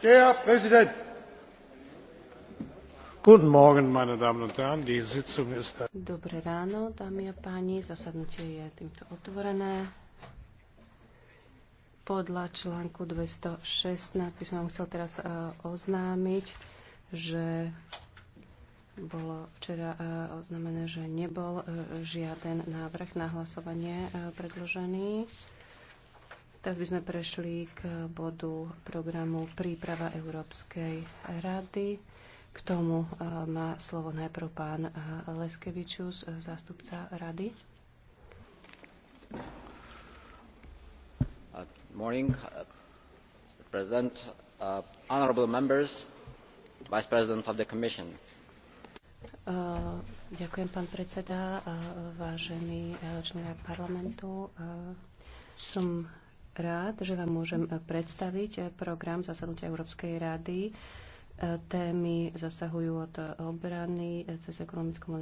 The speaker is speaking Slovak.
herr präsident! dobré ráno dámy a páni zasadnutie je týmto otvorené. podľa článku 216 by som vám chcel teraz e, oznámiť že bolo včera e, oznámené že nebol e, žiaden návrh na hlasovanie predložený. Teraz by sme prešli k bodu programu Príprava Európskej rady. K tomu e, má slovo najprv pán e, Leskevičus, e, zástupca rady. Uh, morning, uh, Mr. President, uh, honorable members, Vice President of the Commission. Uh, ďakujem, pán predseda, uh, vážení členovia parlamentu. Uh, som rád, že vám môžem predstaviť program zasadnutia Európskej rady. Témy zasahujú od obrany cez ekonomickú